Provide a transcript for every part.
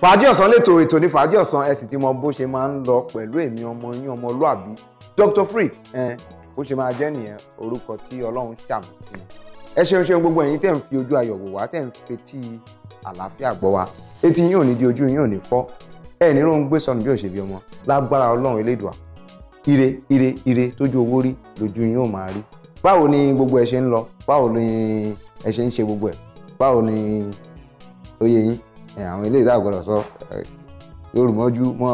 fàájì ọ̀sán lètò ètò ní fàájì ọ̀sán ẹ sì ti mọ bó ṣe máa ń lọ pẹ̀lú èmi ọmọ yín ọmọlúàbí Dr Frique ẹ bó ṣe máa jẹ́ nìyẹn orúkọ tí ọlọ́run ṣàmì sí mi ẹ ṣeun ṣeun gbogbo ẹ̀yin tẹ̀ ń fi ojú ayọ̀ wò wá tẹ̀ ń fetí àlàáfíà gbọ́ wa etí yín ò ní di ojú yín ò ní fọ́ ẹ ní ló ń gbé sọnù bí òṣèbí ọmọ lágbára ọlọ́run elédùà ire ire ire tójú owó rí lójú yín ò máa rí báwo ni gbogbo ẹ ṣe ń lọ báwo àwọn ilé ìta àgọ́dọ̀ sọ yorùmọ́jú mọ́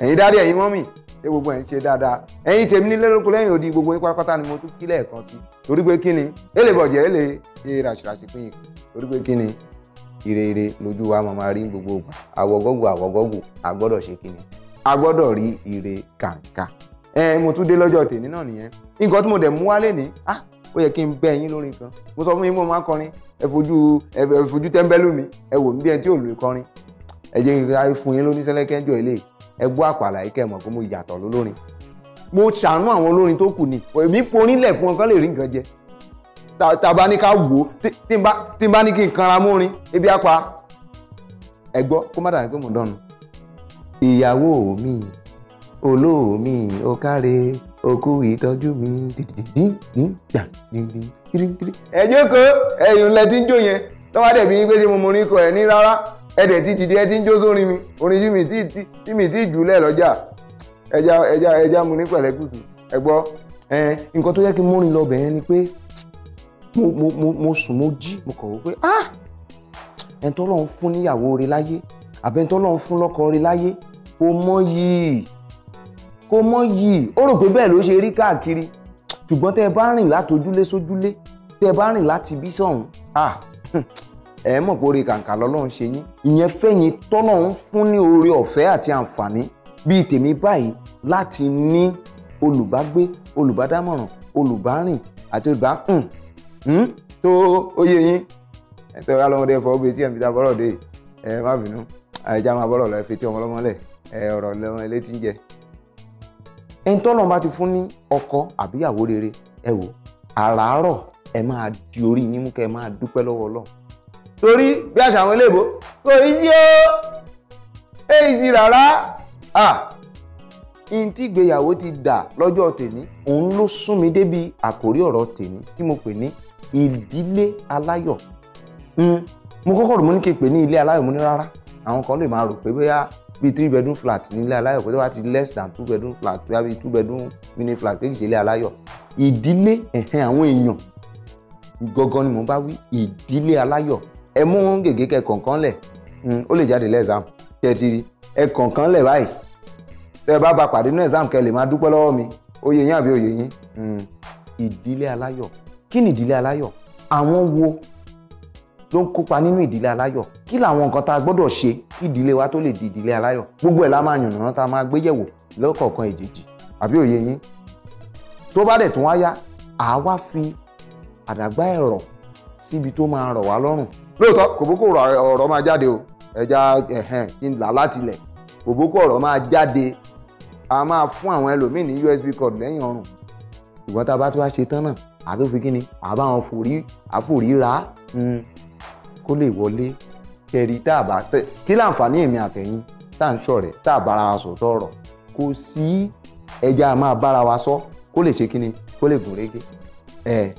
ẹ̀yin dáadé ẹ̀yin mọ́mì ṣé gbogbo ẹ̀ ń ṣe dáadáa ẹ̀yin tèmi nílé lóko lẹ́yìn odi gbogbo yín pátápátá ni mo tún kí lẹ́ẹ̀kan sí torí pé kí ni èlé bọ̀jẹ̀ èlé ṣe ràṣìràṣì pín in torí pé kí ni ìrere lójú wa máa máa rí gbogbo ògbà àwọ̀gọ́gù àwọ̀gọ́gù àgbọ́dọ̀ ṣe kí ni àgbọ́dọ̀ rí ire kàǹkà ẹ mo tún dé lọ́jọ́ tèmi náà nìyẹn nǹkan tí mo dẹ̀ mú wálé ní ah ó yẹ kí n bẹ́ yín lórí kan mo sọ fún yín mo máa kọrin ẹ fojú ẹ fojú tẹ́ńbẹ́lú mi ẹ wò mí bí ẹni tí ò lu ìkọrin ẹ jẹ́ kí fún yín lóní sẹ́lẹ̀kẹ́ ńjọ ilé ẹ gbọ́ àpàlà yìí kẹ́ mọ̀ pé mo yàtọ̀ lólórin mo ṣàánú àwọn olórin tó kù ni èmi ponílẹ̀ fún wọn kán lè rí nǹkan jẹ tàbá ní ká wò ó tí n bá ní kí n kanra mórin ebi á pa ẹ gbọ́ kó má dàbí pé mo dọ́nu ìyàwó mi olóòmì ọ̀kàrẹ òkú ìtọ́jú mi dídídídà dídídídí. ẹ jókòó ẹ̀yin lẹ ti ń jó yẹn lọ́wọ́ dẹ̀ bí yín pé ṣé mo mọ orin kọ ẹ̀ ní rárá ẹ dẹ̀ ti dìde ẹ ti ń jó sórin mi orin tí mi ti jùlẹ̀ lọ́jà ẹja ẹja ẹja mu ní pẹ̀lẹ́kùtù ẹ gbọ́ nǹkan tó yẹ kí n múrin lọ bẹ̀yẹn ni pé mo sùn mo jí mo kọ̀ wípé ah ẹni tó lọ́n fún níyàwó rẹ̀ láyé àbẹ́ntọ́ lọ́n fún lọ́kọ rẹ̀ láyé ó mọ yìí kò mọ̀ yìí ó rò pé bẹ́ẹ̀ ló ṣe rí káàkiri ṣùgbọ́n tẹ́ ẹ bá rìn látojúlé sójúlé tẹ́ ẹ bá rìn láti bí sọ̀hún ẹ mọ̀ pé oore kàǹkà lọ́lọ́run ṣe yín ìyẹn fẹ́yìn tọ́lọ́run fún ní oore ọ̀fẹ́ àti àǹfààní bíi tèmi báyìí láti ní olùbágbé olùbádámọ̀ràn olùbárìn àti olùbákùn tó oyè yín ẹ̀tọ́ alọ́mọdé fọ́ gbé tí ẹ̀ ń fi ta bọ́rọ̀ dé ẹ má bínú àìjá máa bọ́rọ̀ lọ ẹ fi tí ọmọ ọlọ́mọ lẹ̀ ẹ ọ̀rọ̀ lọ́mọ ilé tí ń jẹ ẹni tọ́lọ́run bá ti fún ní ọkọ àbíyàwó rere ẹ wò àràárọ̀ ẹ máa di orí yín mú kẹ́ ẹ máa dúpẹ́ lọ́wọ́ Ọlọ́run torí bí àṣà àwọn eléèbó kò í sí o èyí sí rárá à n tí ìgbéyàwó ti dà lọ́jọ́ tèmi òun ló sún mi débi àkórí ọ̀rọ̀ tèmi tí mo pè ní ìdílé aláyọ̀ hmm, mo kọ́kọ́ rò mo ní kí n pè ní ilé aláyọ̀ mo ní rárá àwọn kan lè máa rò pé bóyá bíi three bedroom flat nílé aláyọ̀ kó tó bá ti less than two bedroom flat bóyá bíi two bedroom mini flat kéèkì ṣe ilé aláyọ̀ ìdílé ẹ̀hẹ́n àwọn èèyàn gangan ni mò ń bá wí ìdílé aláyọ̀ ẹ mú gègé kẹ kọ̀ọ̀kan lẹ̀ hmm, ó lè jáde lẹ́sàm kẹ ti rí ẹ kọ̀ọ̀kan lẹ̀ báyìí tẹ bá ba pàdé nínú ẹ̀sàm kẹ lè máa dúpẹ́ lọ́wọ́ mi oyè yín àbí oyè yín hmm, ìdílé aláyọ̀ kí ni ìdílé aláyọ̀ àwọn wo ló ń kópa nínú ìdílé aláyọ̀ kí làwọn nǹkan tá a gbọ́dọ̀ ṣe kí ìdílé wa tó lè di ìdílé aláyọ̀ gbogbo ẹ̀ la máa yànnàná tá a máa gbé yẹ̀wò lọ́kọ̀ọ̀kan èjèèjì àbí òye yín tó bá dẹ̀ tún wá yá àá wá fi àdàgbà ẹ̀rọ̀ síbi tó máa rọ̀ wá lọ́rùn lóòótọ́ kòbókò ọ̀rọ̀ máa jáde o ẹja ẹ̀hẹ̀n kí n là látilẹ̀ kòbókò ọ̀rọ̀ máa jáde a máa fún àwọn ẹlòmíì ní USB cord lẹ́yìn ọrùn ṣùgbọ́n a bá tún wá ṣe tán náà àtúnfi kí ni àbáwọn forí àforíra kó lè wọlé kẹrí tá a bá tẹ kí láǹfààní èmi àtẹ̀yìn tá à ń ṣọ̀rẹ́ tá a bára wa sòótọ́ ọ̀rọ̀ kò sí ẹja máa bára wa sọ kó lè ṣe kí ni kó lè gùn régé ẹ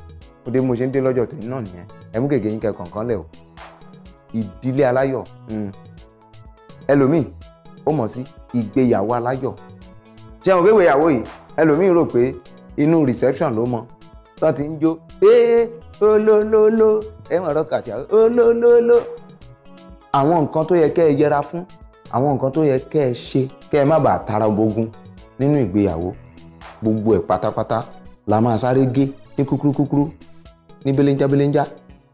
òde mo ṣe ń dé lọ́jọ́ tèmi náà nìyẹn ẹ mú gègé yín kẹ lẹ̀ o ìdílé aláyọ̀ hmm. ẹlòmíì ó mọ̀ sí ìgbéyàwó aláyọ̀ jẹun kéwèé ìyàwó yìí ẹlòmíì rò pé inú reception ló mọ tó ti ń jó olólóló ẹ̀wọ̀n rọ́ọ̀kì àti olólóló àwọn nǹkan tó yẹ kẹ́ ẹ yẹra fún àwọn nǹkan tó yẹ kẹ́ ẹ ṣe kẹ́ ẹ má bàa tara ogun nínú ìgbéyàwó gbogbo ẹ̀ pátápátá la máa sáré gé ní kúkúrú kúkúrú ní belenja belenja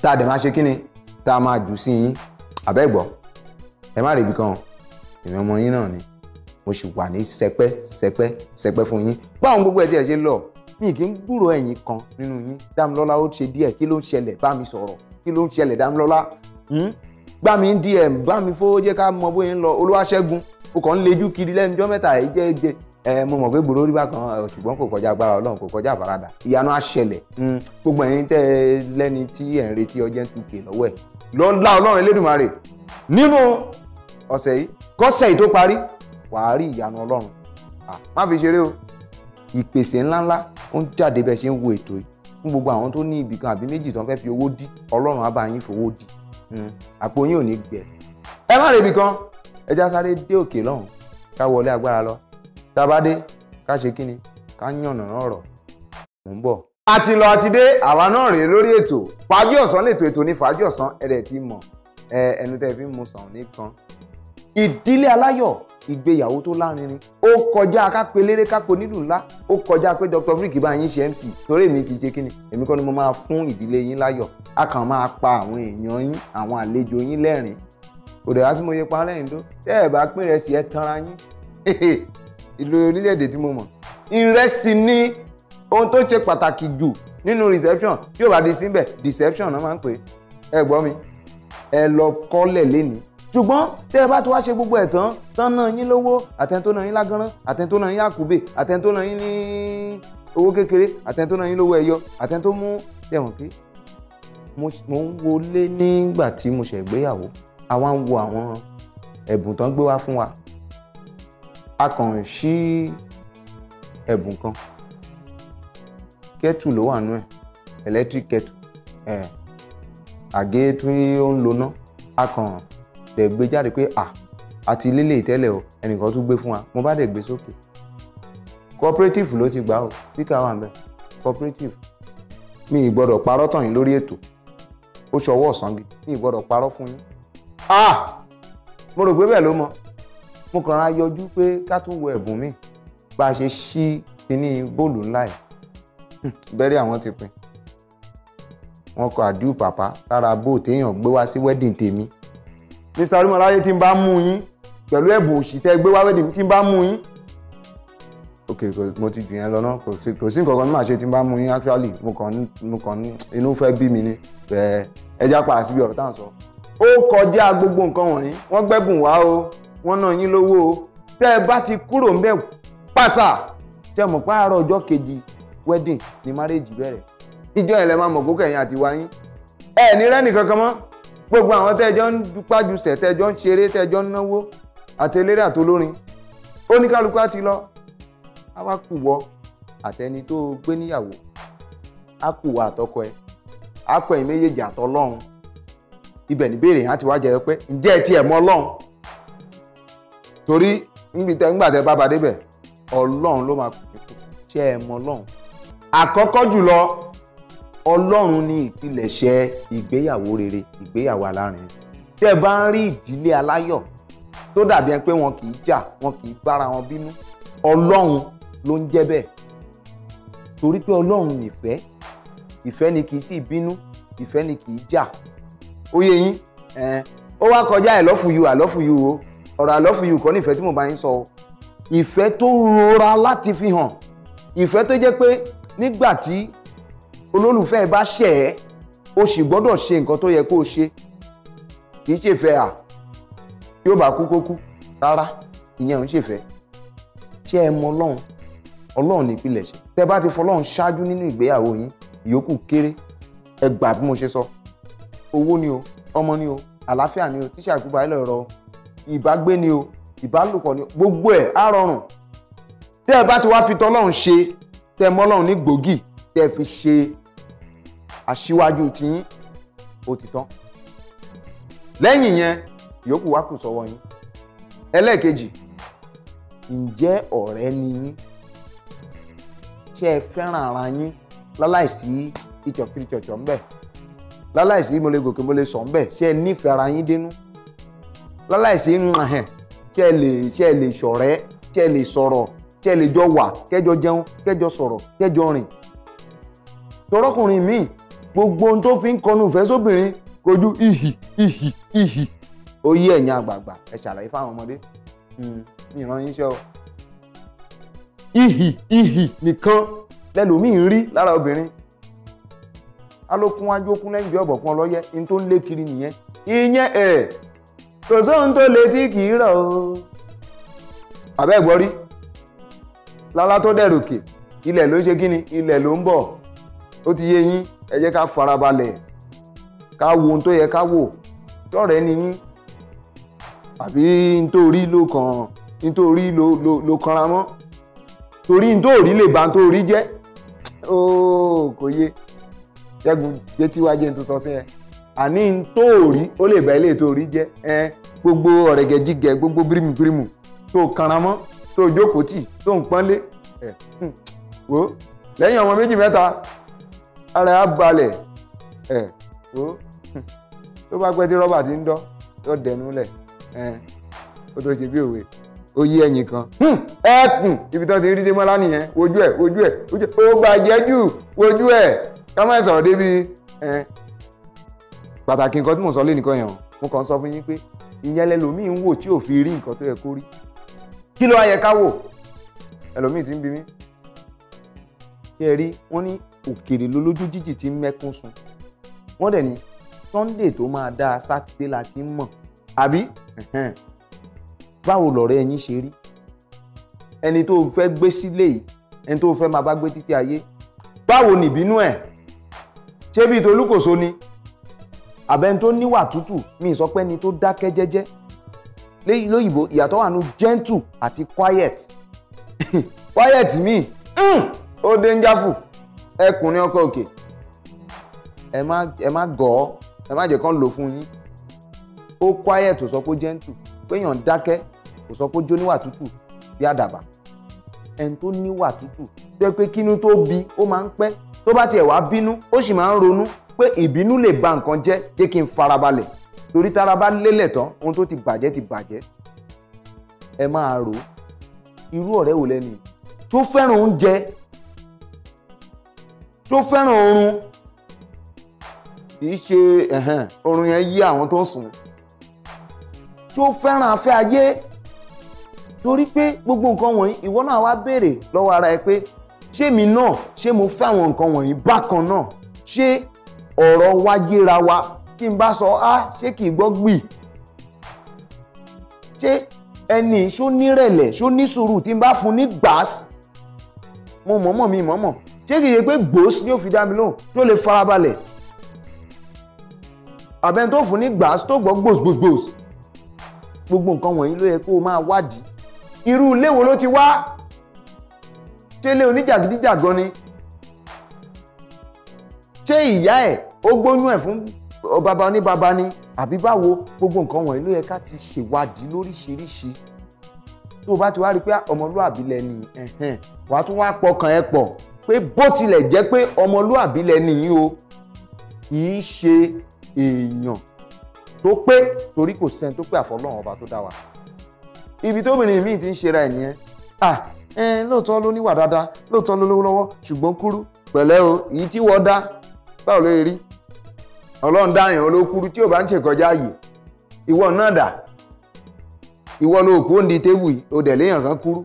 tá a dẹ̀ máa ṣe kí ni tá a máa jù sí yín àbẹ́ gbọ́ ẹ má rèébi kan èmi ọmọ yín náà ni mo sì wà ní sẹpẹ́ sẹpẹ́ sẹpẹ́ fún yín báwọn gbogbo ẹ̀ tí ẹ ṣe lọ mi kì í gbúrò ẹ̀yìn kan nínú yín dámilọ́lá ó ṣe díẹ̀ kí ló ń ṣẹlẹ̀ bá mi sọ̀rọ̀ kí ló ń ṣẹlẹ̀ dámilọ́lá hmm? gbá mi ń dm gbá mi fó jẹ́ ká mọ bóyá ń lọ olúwaṣẹ́gun o kàn ń lejú kiri lẹ́nujọ́ mẹ́ta ẹ̀ jẹ́ jẹ́ ẹ mo mọ̀ pé gbòòrò rí bákan ṣùgbọ́n kò kọjá agbára ọlọ́run kò kọjá àfaradà ìyanu àṣẹlẹ̀ hmm? gbogbo ẹ̀yin tẹ́ lẹ́ni tí ẹ̀ ń retí ọjẹ́ ń tukè lọ́wọ́ ẹ̀ lọ́la ọlọ́run elédùnmarè nínú ọ̀sẹ̀ yìí kọ́sẹ̀ yìí tó parí wàá rí ìyanu ọlọ́run má fi ṣeré o ìpèsè ńláńlá ó ń jáde bẹ́ẹ̀ ṣe ń wo ètò yìí fún gbogbo àwọn tó ní ibìkan àbí méjì tó ń fẹ́ fi owó dí ọlọ́run á bá yín fowó dí hmm. àpò yín ò ní gbẹ. ẹ má rebi kan ẹ já sáré dé òkè lọ́hùn ká wọlé agbára lọ tá a bá dé ká ṣe kí ni ká yànnà ọ̀rọ̀ mò ń bọ̀. a ti lọ àti dé àwa náà rèé lórí ètò fàájì ọ̀sán lètò ètò ní fàájì ọ̀sán ẹ̀rẹ̀ ti mọ̀ ẹnu tẹ́ fi ń mu sàn nìkan ìdílé aláyọ̀ ìgbéyàwó tó lárinrin ó kọjá kápẹ́ eléré kápẹ́ onílù ńlá ó kọjá pé Dr. Frique bá yín ṣe MC torí èmi kì í ṣe kíni èmi kọ́ ni mo máa fún ìdílé yín láyọ̀ a kàn máa pa àwọn èèyàn yín àwọn àlejò yín lẹ́rìn òdò wá sí mo yẹ pa lẹ́yìn tó tẹ́ ẹ̀ bá pín ìrẹsì ẹ tanra yín ìlú orílẹ̀-èdè tí mo mọ̀ ìrẹsì ni ohun tó ṣe pàtàkì jù nínú reception yóò bá di síbẹ̀ deception náà máa ń pè é ẹ gbọ́ mi ẹ lọ kọ́lẹ̀ lénìí ṣùgbọ́n tẹ́ ẹ bá ti wá ṣe gbogbo ẹ̀ tán tán náà yín lówó àtẹni tó náà yín lágánrán àtẹni tó náà yín àkùbè àtẹni tó náà yín ní owó kékeré àtẹni tó náà yín lówó ẹyọ àtẹni tó mú tẹ̀wọ̀n pé mo ń wọlé nígbà tí mo ṣe ìgbéyàwó àwa ń wo àwọn ẹ̀bùn tán gbé wá fún wa a kàn ṣí ẹ̀bùn kan kẹ́tù ló wà nú ẹ̀ electric kẹ́tù ẹ̀ àgé tí ó ń lo a kàn dẹ̀ gbé jáde pé à àti ilé lè tẹ́lẹ̀ o ẹnìkan tún gbé fún wa mo bá dẹ̀ gbé sókè cooperative ló ti gbà ó síkà wà mẹ́ cooperative mi ì gbọ́dọ̀ parọ́ tàn yín lórí ètò ó ṣọwọ́ ọ̀sán gidi mi ì gbọ́dọ̀ parọ́ fún yín ah mo rò pé bẹ́ẹ̀ ló mọ mo kàn ra yọjú pé ká tún wo ẹ̀bùn mi bá a ṣe ṣí kíní bóòlù ńlá yìí hmm, bẹ́rẹ̀ àwọn ti pin wọ́n kọ àdúù pàpà sára bóò téèyàn gbé wá sí wẹ́dìn tèmi Mr. Olúmọláyé tí n bá mú yín pẹ̀lú ẹ̀bùn òṣì tẹ́ gbé wá wedding tí n bá mú ok mo ti gbìyànjú lọ náà kò sí nǹkan kan máa ṣe tí n bá mú yín actually mo kàn mo kàn ní inú fẹ́ bí mi ni bẹ́ẹ̀ ẹja pa àsìbí ọ̀rọ̀ tá à ń sọ. ó kọjá gbogbo nǹkan wọ̀nyí wọ́n gbẹ́bùn wá o wọ́n náà yín lówó o tẹ́ ẹ bá ti kúrò ń bẹ̀ pàṣà tẹ́ mọ̀ pé àárọ̀ ọjọ́ kejì wedding ni marriage bẹ̀rẹ̀ ìjọ yẹn lẹ máa mọ̀ kókò ẹ̀yìn àti wáyín ẹ̀ ní rẹ́nì kankan mọ́ gbogbo àwọn tẹ́jọ́ ń dúpájùsẹ̀ tẹ́jọ́ ń ṣeré tẹ́jọ́ ń náwó àti eléré àtolórin ó ní kálukú á ti lọ á wá kù wọ àtẹni tó gbé níyàwó a kù wọ àtọkọ ẹ á kọ ẹ méjèèjì àtọlọ́run ibẹ̀ ní béèrè yẹn á ti wá jẹ́ pé ǹjẹ́ ẹ tiẹ̀ mọ ọlọ́run torí nígbà tẹ bá ba ọlọ́run ló máa kù ṣe é mọ ọlọ́run àkọ́kọ́ jùlọ ọlọ́run ni ìpilẹ̀ṣẹ̀ ìgbéyàwó rere ìgbéyàwó alárinrin tẹ́ bá ń rí ìdílé aláyọ̀ tó dàbí ẹni pé wọn kì í jà wọn kì í bára wọn bínú ọlọ́run ló ń jẹ́ bẹ́ẹ̀ torí pé ọlọ́run nìfẹ́ ìfẹ́ ni kì í sì bínú ìfẹ́ ni kì í jà ó yé yín ó wá kọjá I love you I love you o ọ̀rọ̀ I love you kọ́ nífẹ̀ẹ́ tí mo bá yín sọ o ìfẹ́ tó rọra láti fi hàn ìfẹ́ tó jẹ́ pé nígbà tí olólùfẹ́ bá ṣẹ̀ ẹ́ o sì gbọ́dọ̀ ṣe nǹkan tó yẹ kó o ṣe kì í ṣèfẹ́ à yóò bá kú kó kú rárá ìyẹn ò ń ṣèfẹ́ ṣé ẹ mọ ọlọ́run ọlọ́run nípìnlẹ̀ ṣe tẹ bá ti fọlọ́run ṣáájú nínú ìgbéyàwó yín ìyókù kéré ẹ gbà bí mo ṣe sọ owó ni o ọmọ ni o àlàáfíà ni o tíṣà àkúbà ilẹ̀ ọ̀rọ̀ ìbágbé ni o ìbálòpọ̀ ni o gbogbo ẹ̀ á rọrùn tẹ́ ẹ bá ti wá fi tọ́lọ́run ṣe tẹ́ ẹ mọ́lọ́run ní gbòógì tẹ́ fi ṣe aṣíwájú tiyín ó ti tán lẹ́yìn yẹn ìyókù wá kù sọ́wọ́ yín ẹlẹ́ẹ̀kejì ǹjẹ́ ọ̀rẹ́ ni yín ṣé ẹ fẹ́ràn ara yín láláìsí ìtọ̀kìrìtọ̀tọ̀ ńbẹ̀ láláìsí mo lè gòkè mo lè sọ̀ ńbẹ̀ ṣé ẹ nífẹ̀ẹ́ ara yín dénú láláìsí ń ràn hẹ̀ ṣé ẹ lè ṣé ẹ lè ṣọ̀rẹ́ ṣé ẹ lè sọ̀rọ̀ ṣé ẹ lè jọ wà kẹ́jọ jẹun kẹ́jọ sọ̀rọ̀ kẹ́jọ rìn tọrọkùnrin míì gbogbo ohun tó fi ń kọnu ìfẹ́ sóbìnrin kojú ìhì ìhì ìhì ó yí ẹ̀yìn àgbààgbà ẹ ṣàlàyé fáwọn ọmọdé ìran hmm, yín ṣe o ìhì ìhì nìkan lẹ́lòmíì ń rí lára obìnrin alókun ajókun lẹ́yìn ìjọba ọ̀kan ọlọ́yẹ ní tó ń lé kiri nìyẹn ìyẹn ẹ̀ kò sóhun tó lè tí kì í rọ̀ o àbẹ́ ẹ̀gbọ́n rí ilẹ̀ ló ń ṣe kí ni ilẹ̀ ló ń bọ̀ ó ti yé yín ẹ jẹ́ ká farabalẹ̀ ká wo ohun tó yẹ ká wò tọ́rẹ̀ẹ́ ni yín àbí nítorí ló kàn nítorí ló ló ló kanra mọ́ torí nítorí lè bá nítorí jẹ́ ooo kò yé ṣẹ́gun jẹ́ tí sọ sí ẹ àní nítorí ó lè bá ilé ìtorí jẹ́ ẹ gbogbo ọ̀rẹ́gẹ́jìgẹ́ gbogbo bírímùbírímù tó kanra mọ́ tó jókòó tì tó ń pọ́nlé ẹ̀ hmm, wò lẹ́yìn ọmọ méjì mẹ́ta ara á balẹ̀ ẹ̀ tó tó bá pẹ́ tí rọ́bà ti ń dán yóò dẹnu lẹ̀ ẹ̀ ó tó ṣe bí òwe ó yí ẹ̀yìn kan hmm, ẹ̀kùn hmm, ibi tó ti rí dé mọ́lá nìyẹn ojú ẹ̀ ojú ẹ̀ ojú ẹ̀ ó bàjẹ́ jù ojú ẹ̀ ká má sọ̀rọ̀ débi ẹ̀ pàtàkì nǹkan tí mò ń sọ lé nìkan yẹn o mo kàn ń sọ fún yín pé ìyẹn lẹlòmíì ń wò tí ò fi rí nǹkan tó yẹ kó rí kí ló wá ká wò ẹlòmíì ti ń bi mí kí ẹ rí wọn ní òkèrè lolójú jíjì ti mẹ́kún sun wọ́n dẹ̀ ní Sunday tó máa dáa sátidé la ti ń mọ̀ àbí báwo lọ̀rẹ́ ẹ̀yin ṣe rí ẹni tó fẹ́ gbé sílé yìí ẹni tó fẹ́ máa bá gbé títí ayé báwo nìbínú ẹ̀ ṣé bíi tolúkòso ni àbẹ́ni tó níwà tútù mi sọ pé ẹni tó dákẹ́ jẹ́jẹ́ lóyìnbó ìyàtọ̀ wà nù gentle àti quiet quiet mi hmm. ó dangerful ẹkùnrin ọkọ òkè ẹ má ẹ má gọ̀ ọ́ ẹ má jẹ́ kán lò fún yín ó quiet ò sọ pé gentle péyàn dákẹ́ kò sọ pé jóníwà tútù bí àdàbà ẹni tó níwà tútù tó pé kínú tó bi ó máa ń pẹ́ tó bá tiẹ̀ wá bínú ó sì máa ń ronú pé ìbínú lè ba nǹkan jẹ́ jẹ́ kí n farabalẹ̀ torí tára bá lélẹ̀ tán ohun tó ti bàjẹ́ ti bàjẹ́ ẹ máa rò ó irú ọ̀rẹ́ wò lẹ́nu tó fẹ́ràn oúnjẹ tó fẹ́ràn oorun kì í ṣe oorun yẹn yí àwọn tó ń sùn tó fẹ́ràn afẹ́ ayé torí pé gbogbo nǹkan wọ̀nyí ìwọ náà wá béèrè lọ́wọ́ ara ẹ pé ṣé mi náà ṣé mo fẹ́ àwọn nǹkan wọ̀nyí bákan náà ṣé ọ̀rọ̀ wa yéra wa kí n bá sọ á ṣé kì í gbọ́ gbì ṣé ẹni ṣó nírẹ̀lẹ̀ ṣó ní sùúrù tí n bá fún ní gbàásì mo mọ̀ọ́mọ̀ mi mọ̀ọ́mọ̀ ṣé kìí ṣe pé gbòòsì ni ó fi dá mi lóhùn tó lè farabalẹ̀ àbẹ́ni tó fún ní gbàásì tó gbọ́ gbòsgbòsgbòs gbogbo nǹkan wọ̀nyí ló yẹ kó o máa wádìí irú ilé wo ló ti wá ṣé ilé oníjàgídíjàgan ni ṣé ìyá ẹ̀ ó gbóyún ẹ̀ fún baba oníbaba ni àbí báwo gbogbo nǹkan wọ̀nyí ló yẹ ká ti ṣèwádìí lóríṣiríṣi tó o bá ti wá rí i pé ah, ọmọlúàbí lẹni wàá tún wá pọkàn ẹ pọ̀ pé bó tilẹ̀ jẹ́ pé ọmọlúàbí lẹni yìí o kì í ṣe èèyàn tó pé torí kò sẹ́ni tó pé àfọlọ́run ọba tó dá wa ibi tóbìnrin míì ti ń ṣera ẹ̀ nìyẹn ah lóòótọ́ ló níwà dáadáa lóòótọ́ ló lówó lọ́wọ́ ṣùgbọ́n kúrú pẹ̀lẹ́ o èyí tí wọ́n dá báwo ló rí ọlọ́run dáyàn olókúrú tí ò bá ń ṣèkọjá yìí ìwọ náà dà ìwọ ló kú òǹdí tébù yìí o dẹ̀ léèyàn kan kúrú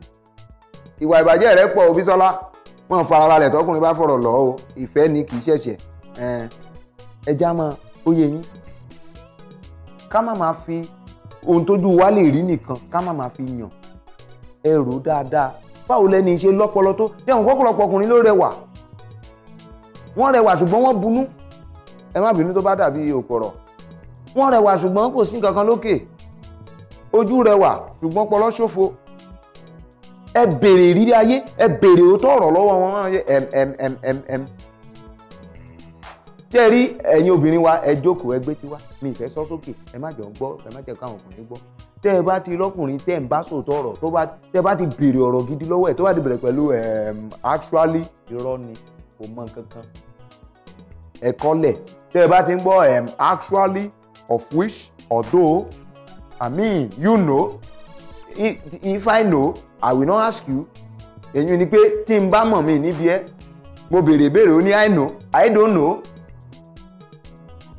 ìwà ìbàjẹ́ rẹ pọ̀ Òbísọ́lá wọn fara balẹ̀ tọkùnrin bá fọ̀rọ̀ lọ o ìfẹ́ ni kì í ṣẹ̀ṣẹ̀ ẹja mọ oyè yín ká má máa fi ohun tójú wa lè rí nìkan ká má máa fi yàn ẹrù dáadáa báwo lẹni ṣe lọ́pọlọ tó tẹ̀wọ̀n kọ́kọ́lọpọ̀ ọkùnrin ló rẹwà wọ́n rẹwà ṣùgbọ́n wọ́n bunú ẹ má bínú tó bá dàbí òpòrọ̀ wọ́n rẹwà ṣùgbọ́n kò sí nǹkan kan lókè ojú rẹwà ṣùgbọ́n pọlọ ṣòfò ẹ bèrè ìrírí ayé ẹ bèrè òótọ́ ọ̀rọ̀ lọ́wọ́ wọn máa ń ṣe ẹ̀mẹ̀mẹ̀mẹ̀m. tẹ́ ẹ rí ẹ̀yin obìnrin wa ẹ jókòó ẹ gbé tiwa mi ìfẹ́ sọ sókè ẹ má jọ ń gbọ́ ẹ má jẹ́ káwọn ọkùnrin gbọ́ tẹ́ ẹ bá ti lọ́kùnrin tẹ́ ẹ ń bá sòótọ́ ọ̀rọ̀ tó bá tẹ́ ẹ bá ti bèrè ọ̀rọ̀ gidi lọ́wọ́ ẹ̀ tó bá ti bẹ̀rẹ̀ pẹ̀lú actually irọ́ ni kò mọ kankan ẹ̀kọ́lẹ̀ tẹ́ ẹ bá ti ń gbọ́ actually of which although I mean you know if, if I know I will not ask you èyí ni pé tí n bá mọ̀ mí níbi ẹ́ mo béèrè béèrè ó ní I know I don't know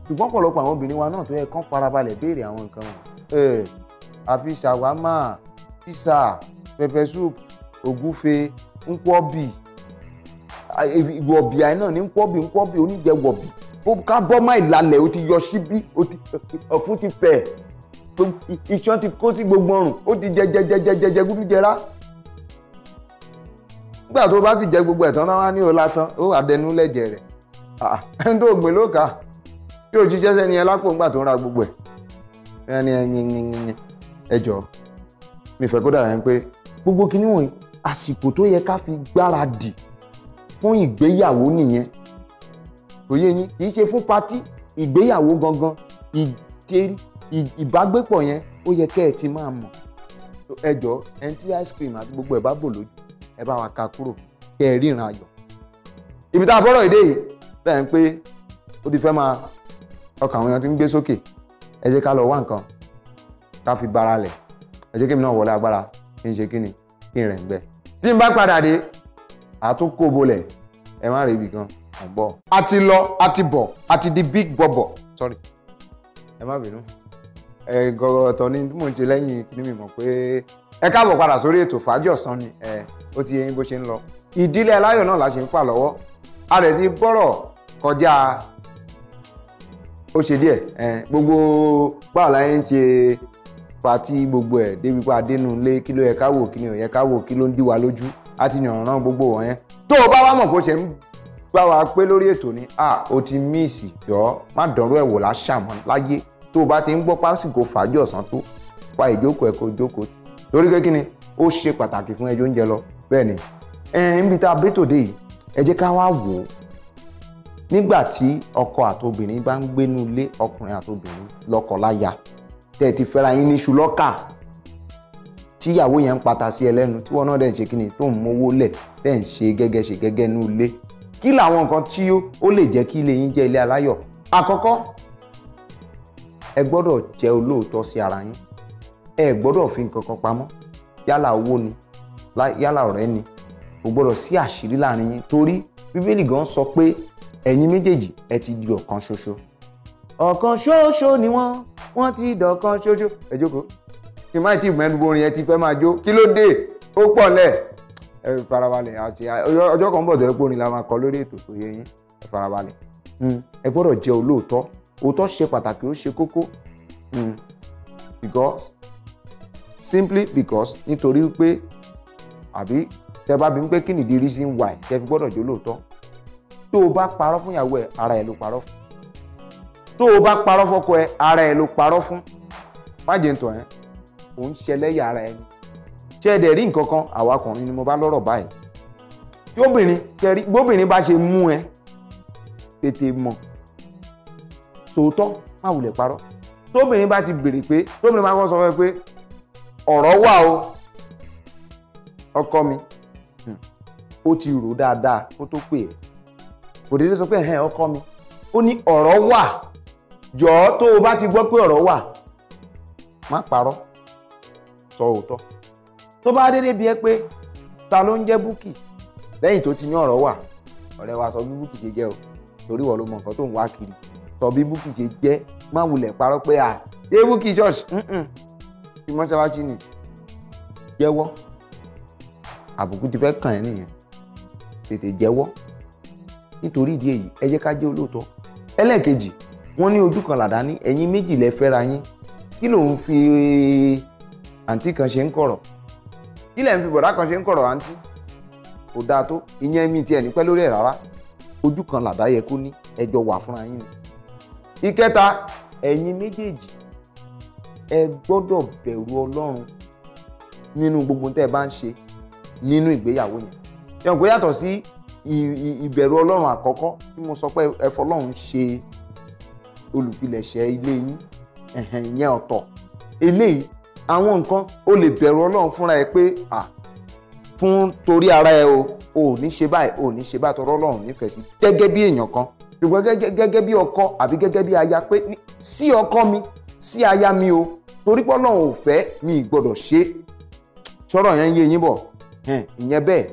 ṣùgbọ́n pọ̀lọpọ̀ àwọn obìnrin wa náà tó yẹ kán farabalẹ̀ béèrè àwọn nǹkan wọn àfi eh, ṣàwámà pizza pepper soup ògúfe nkwobi wọ̀bì àìná ní nkwobi nkwobi oníjẹ wọ̀bì ká bọ́ máa ìlàlẹ̀ o ti yọ síbí ọ̀fun ti fẹ̀ iṣan ti kó sí gbogbo ọrùn ó ti jẹ jẹjẹjẹjẹjẹ gúdú jẹrá nígbà tó bá sì jẹ gbogbo ẹ̀tàn náà wá ní ọlá tán ó àdẹnu lẹ́jẹ̀ rẹ̀ ah, ẹni tó gbé ló kà tí ò ṣiṣẹ́ sẹ́ni ẹ lápò ńgbà tó ń ra gbogbo ẹ̀ ẹni ẹyin ẹ jọ mi fẹ́ kó dà yẹn pé gbogbo kinní wọ̀nyí àsìkò tó yẹ ká fi gbáradì fún ìgbéyàwó nìyẹn kò yé yín kì í ṣe fún patí ìgbéyàwó gangan ìtẹ́rí ìbágbépọ̀ yẹn ó yẹ kẹ́ ẹ ti máa mọ̀ ẹ jọ ice cream àti gbogbo ẹ̀ bá bò lójú ẹ bá wa ka kúrò kẹ́ ẹ ríran ayọ̀ ibi tá a fọ́rọ̀ èdè yìí bẹ́ẹ̀ ń pé ó ti fẹ́ máa ọkàn àwọn èèyàn ti ń gbé sókè ẹ jẹ́ ká lọ wá nǹkan ká fi gbára lẹ̀ ẹ jẹ́ kí mi náà wọlé agbára kí n ṣe kí ni kí n rẹ̀ ń gbẹ tí n bá padà dé àtúnkò bolẹ̀ ẹ má rèébi gan ọ̀gbọ́n. a ti lọ a ti bọ̀ a ti di big bọ̀bọ̀ sorry ẹ má bínú gọ̀ọ̀tọ̀ ni mo ń ṣe lẹ́yìn kí mi mọ̀ pé ẹ káàbọ̀ padà sórí ètò fàájì ọ̀sán ni ó ti yẹn bó ṣe ń lọ ìdílé aláyọ̀ náà la ṣe ń pa lọ́wọ́ a rẹ̀ ti bọ́rọ̀ kọjá ó ṣe díẹ̀ gbogbo báwo la yẹn ń ṣe pati gbogbo ẹ̀ débi pa dénú lé kí ló yẹ ká wò kí ò yẹ ká wò kí ló ń dí lójú a ti yànnàná gbogbo wọn yẹn tó o bá wá mọ̀ kó ṣe ń gbá wa pé lórí ètò ni a ó ti míìsì jọ́ má dánrú ẹ̀ wò láṣàmọ́ láyé tó o bá ti ń gbọ́ pásìkò fàájì ọ̀sán tó pa ìjókòó ẹ̀kọ́ ìjókòó torí pé kí ni ó ṣe pàtàkì fún ẹjọ́ oúnjẹ lọ bẹ́ẹ̀ ni níbi tá a bẹ́ tòde yìí ẹ jẹ́ ká wá wò ó nígbà tí ọkọ àtobìnrin bá ń gbénú ilé ọkùnrin àtobìnrin lọ́kọ láya tẹ́ ẹ ti fẹ́ra yín ní ṣùlọ́kà tíyàwó yẹn ń pata sí ẹ lẹ́nu tí wọ́n náà dẹ̀ ń ṣe kíni tó ń mówó lẹ̀ dẹ̀ ń ṣe gẹ́gẹ́ ṣe gẹ́gẹ́ nú ilé kí làwọn nǹkan tí ó lè jẹ́ kí ilé yín jẹ́ ilé aláyọ̀ àkọ́kọ́ ẹ gbọ́dọ̀ jẹ́ olóòótọ́ sí ara yín ẹ gbọ́dọ̀ fi nǹkan kan pamọ́ yálà owó ni yálà ọ̀rẹ́ ni kò gbọ́dọ̀ sí àṣírí láàrin yín torí bíbélì gan sọ pé ẹ̀yin méjèèjì ẹ ti di ọ̀kan ṣoṣo ọ̀kan ṣoṣo ni wọ́n wọ́n ti dọ̀kan ṣoṣo ẹ jókòó kí má ti mẹ́nu borin ẹ ti fẹ́ máa jó kí ló dé ó pọ̀ lẹ̀ ẹ farabalẹ̀ àti ọjọ́ kan bọ̀ tó ẹ pé orin la máa kọ lórí ètò tó yẹ yín ẹ farabalẹ̀ hmm. ẹ gbọ́dọ̀ jẹ́ olóòótọ́ òótọ́ ṣe pàtàkì ó ṣe kókó hmm. because simply because nítorí pé àbí tẹ bá bí ń pé kí nìdí reason why tẹ fi gbọ́dọ̀ jó lóòótọ́ tó o bá parọ́ fún ìyàwó ẹ ara ẹ ló parọ́ fún tó o bá parọ́ fọ́kọ ẹ ara ẹ ló parọ́ fún má jẹ́ ntọ̀ ẹ́ ò ń ṣẹlẹ́yà ara ẹni ṣé ẹ dẹ̀ rí nǹkan kan àwa ni mo bá lọ́rọ̀ báyìí tí obìnrin tẹ̀rí gbóbìnrin bá ṣe mú ẹ tètè mọ̀ sòótọ́ má wulẹ̀ parọ́ tóbìnrin bá ti bèrè pé tóbìnrin máa kọ́ sọ fún ẹ pé ọ̀rọ̀ wà o ọkọ mi hmm. ó ti rò dáadáa kó tó pè é kò déédéé sọ pé ẹ̀hẹ́n ọkọ mi ó ní ọ̀rọ̀ wà jọ̀ọ́ tó o bá ti gbọ́ pé ọ̀rọ̀ wà má parọ́ sọ òótọ́ tó bá déédéé bí ẹ pé ta ló ń jẹ́ búkì lẹ́yìn tó ti ní ọ̀rọ̀ wà ọ̀rẹ́ wa sọ bí búkì ṣe jẹ́ o torí wọ́n ló mọ nǹkan tó ń wá kiri sọ bí Bukky ṣe jẹ́ má wulẹ̀ parọ́ pé à dé Bukky church kí mọ́ṣáláṣí ni jẹ́wọ́ àbùkù ti fẹ́ kàn ẹ́ nìyẹn tètè jẹ́wọ́ nítorí ìdí èyí ẹ jẹ́ ká jẹ́ olóòótọ́ ẹlẹ́ẹ̀kejì wọ́n ní ojú kan làdá ní ẹ̀yin méjì lẹ fẹ́ra yín kí lòun fi àǹtí kan ṣe ń kọ̀rọ̀ kí lẹ̀ ń fi bọ̀dá kan ṣe ń kọ̀rọ̀ àǹtí kò dáa tó ìyẹn mi tiẹ̀ ní pẹ́ lórí ẹ̀ rárá ojú kan làdá yẹ kó ní ẹjọ́ wà fúnra yín ni ìkẹta ẹ̀yin méjèèjì ẹ gbọ́dọ̀ bẹ̀rù ọlọ́run nínú gbogbo tẹ́ ẹ bá ń ṣe nínú ìgbéyàwó yẹn yẹn kò yàtọ̀ sí ìbẹ̀rù ọlọ́run àkọ́kọ́ tí mo sọ pé ẹ fọlọ́run ṣe olùpilẹ̀ṣẹ̀ ilé yín ìyẹn ọ̀tọ̀ eléyìí àwọn nǹkan o lè bẹ̀rù ọlọ́run fúnra ẹ pé à fún torí ara ẹ o ò ní ṣe báyìí ò ní ṣe báyìí tọrọ ọlọ́run nífẹ̀ẹ́ sí gẹ́gẹ́ bí èèyàn kan ṣùgbọ́n gẹ́gẹ́ bí ọkọ àbí gẹ́gẹ́ bí aya pé sí ọkọ mi sí aya mi o torí pé Ọlọ́run mi gbọ́dọ̀ ṣe sọ̀rọ̀ yẹn ń yé yín bọ̀ ìyẹn bẹ́ẹ̀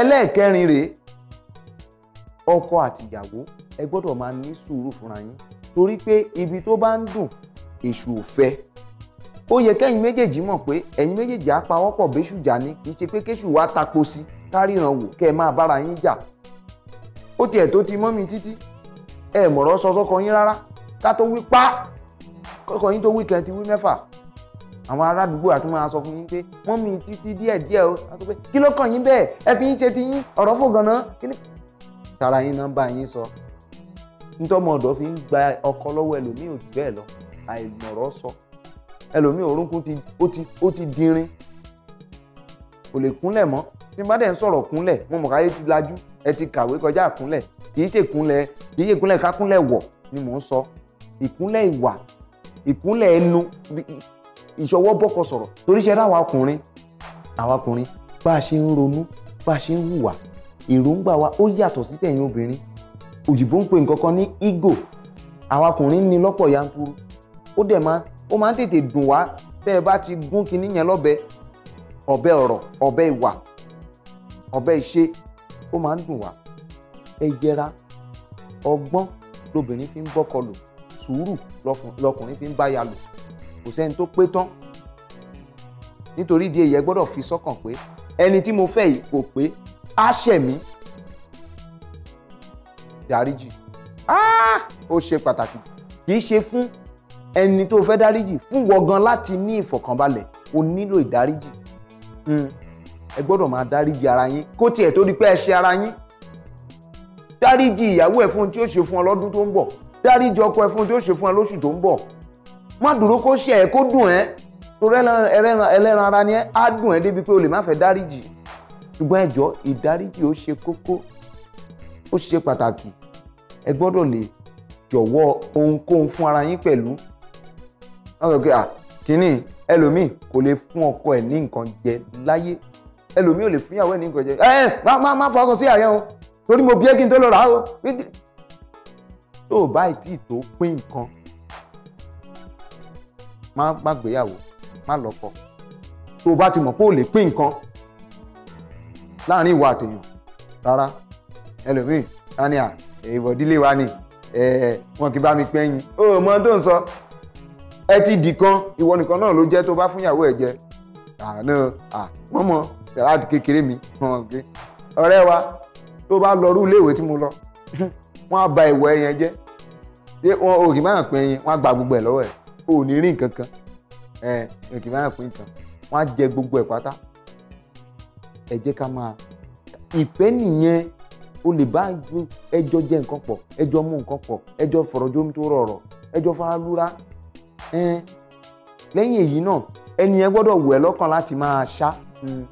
ẹlẹ́ẹ̀kẹrin rèé ọkọ àtìyàwó ẹ gbọ́dọ̀ máa ní sùúrù fúnra yín torí pé ibi tó bá ń dùn èṣù ò fẹ́ ó yẹ kẹ́yin méjèèjì mọ̀ pé ẹ̀yin méjèèjì á pawọ́pọ̀ béṣù jà ní kì í ṣe pé kéṣù wá tapo káríran wò kẹ́ ẹ máa bára yín jà ó tiẹ̀ tó ti mọ́ mi títí ẹ mọ̀rọ̀ sọ sọ́kọ yín rárá ká tó wí pa kọ́kọ́ yín tó wí kan ti wí mẹ́fà àwọn arádùúgbò àti máa sọ fún yín pé wọ́n mi títí díẹ̀ díẹ̀ o wọ́n sọ pé kí ló kàn yín bẹ́ẹ̀ ẹ fi yín ṣe ti yín ọ̀rọ̀ fò gànà kíní. tara yín náà bá yín sọ nítọ́mọ ọ̀dọ́ fi ń gba ọkọ lọ́wọ́ ẹlòmíì ò bẹ́ẹ̀ lọ àìmọ̀rọ̀ sọ ẹlòmíì orúnkún ti ó kò lè kúnlẹ̀ mọ́ tí n bá dẹ̀ ń sọ̀rọ̀ kúnlẹ̀ mo mọ̀ káyé ti lajú ẹ ti kàwé kọjá àkúnlẹ̀ kì í ṣe kúnlẹ̀ kì í ṣe kúnlẹ̀ kákúnlẹ̀ wọ̀ ni mò ń sọ ìkúnlẹ̀ ìwà ìkúnlẹ̀ ẹnu ìṣọwọ́ bọ́kọ sọ̀rọ̀ torí ṣe ráwa ọkùnrin àwa ọkùnrin bá a ṣe ń ronú bá a ṣe ń hùwà èròǹgbà wa ó yàtọ̀ sí tẹ̀yìn obìnrin òyìnbó ń pè nǹkan ní ego àwa ọkùnrin ní lọ́pọ̀ yanturu ó dẹ̀ máa ó máa ń tètè dùn wá tẹ́ ẹ bá ti gún kinní yẹn lọ́bẹ ọ̀bẹ ọ̀rọ̀ ọ̀bẹ ìwà ọbẹ̀ ìṣe ó máa ń dùn wá ẹ yẹra ọgbọ́n lobìnrin fi ń bọ́kọ lò sùúrù lọkùnrin fi ń báya lò kò sẹ́ni tó pé tán nítorí ìdí èyí ẹ gbọ́dọ̀ fi sọ́kàn pé ẹni tí mo fẹ́ yìí kò pé á ṣẹ̀ mí dáríjì ó ṣe pàtàkì kì í ṣe fún ẹni tó fẹ́ dáríjì fún wọ gan láti ní ìfọ̀kànbalẹ̀ o nílò ìdáríjì. Hmm ẹ gbọ́dọ̀ máa dáríjì ara yín kó tiẹ̀ tó di pé ẹ ṣe ara yín dáríjì ìyàwó ẹ fún tí ó ṣe fún ọ lọ́dún tó ń bọ̀ dáríjì ọkọ ẹ fún tí ó ṣe fún ọ lóṣù tó ń bọ̀ má dúró kó ṣe ẹ kó dùn ẹ torí ẹlẹ́ran ara ni ẹ á dùn ẹ débi pé o lè má fẹ́ dáríjì ṣùgbọ́n ẹ jọ̀ọ́ ìdáríjì ó ṣe kókó ó ṣe pàtàkì ẹ gbọ́dọ̀ lè jọ̀wọ́ ohunkóhun fún ara yín pẹ̀lú kínní ẹlòmíì kò lè fún ọkọ ẹ̀ ní nǹkan jẹ láyé ẹlòmíì ò lè fún ìyàwó ẹ̀ ní nǹkan jẹ ẹ má má má fọkàn sí àyẹ̀ o torí mo bí ẹ́ kí n tó lọ rà o tó o bá ìtì tó pín nǹkan má má gbéyàwó má lọ́kọ tó o bá ti mọ̀ pé o lè pín nǹkan láàrin ìwà àtẹ̀yàn rárá ẹlòmíì tani à ìwọ̀dílé wa ni wọn kì í bá mi pẹ́yìn o mọ tó ń sọ ẹ ti dì kan ìwọ nìkan náà ló jẹ́ tó bá fún ìyàwó ẹ̀ jẹ àná mọ́mọ́ láti kékeré mi mọ́mọ́ pé ọ̀rẹ́ wa tó bá lọ rú ìwé tí mo lọ wọ́n á ba ìwọ ẹyẹn jẹ́ ṣé wọn ò kì máa pín ẹyin wọ́n á gba gbogbo ẹ̀ lọ́wọ́ ẹ̀ ò ní rí nǹkan kan ò kì máa wọ́n á jẹ gbogbo ẹ̀ pátá ẹ jẹ́ ká máa ìfẹ́ nìyẹn o lè bá ẹjọ́ jẹ nǹkan pọ̀ ẹjọ́ mú nǹkan pọ̀ lẹ́yìn èyí náà ẹni yẹn gbọ́dọ̀ wù ẹ́ lọ́kàn láti máa ṣá hmm.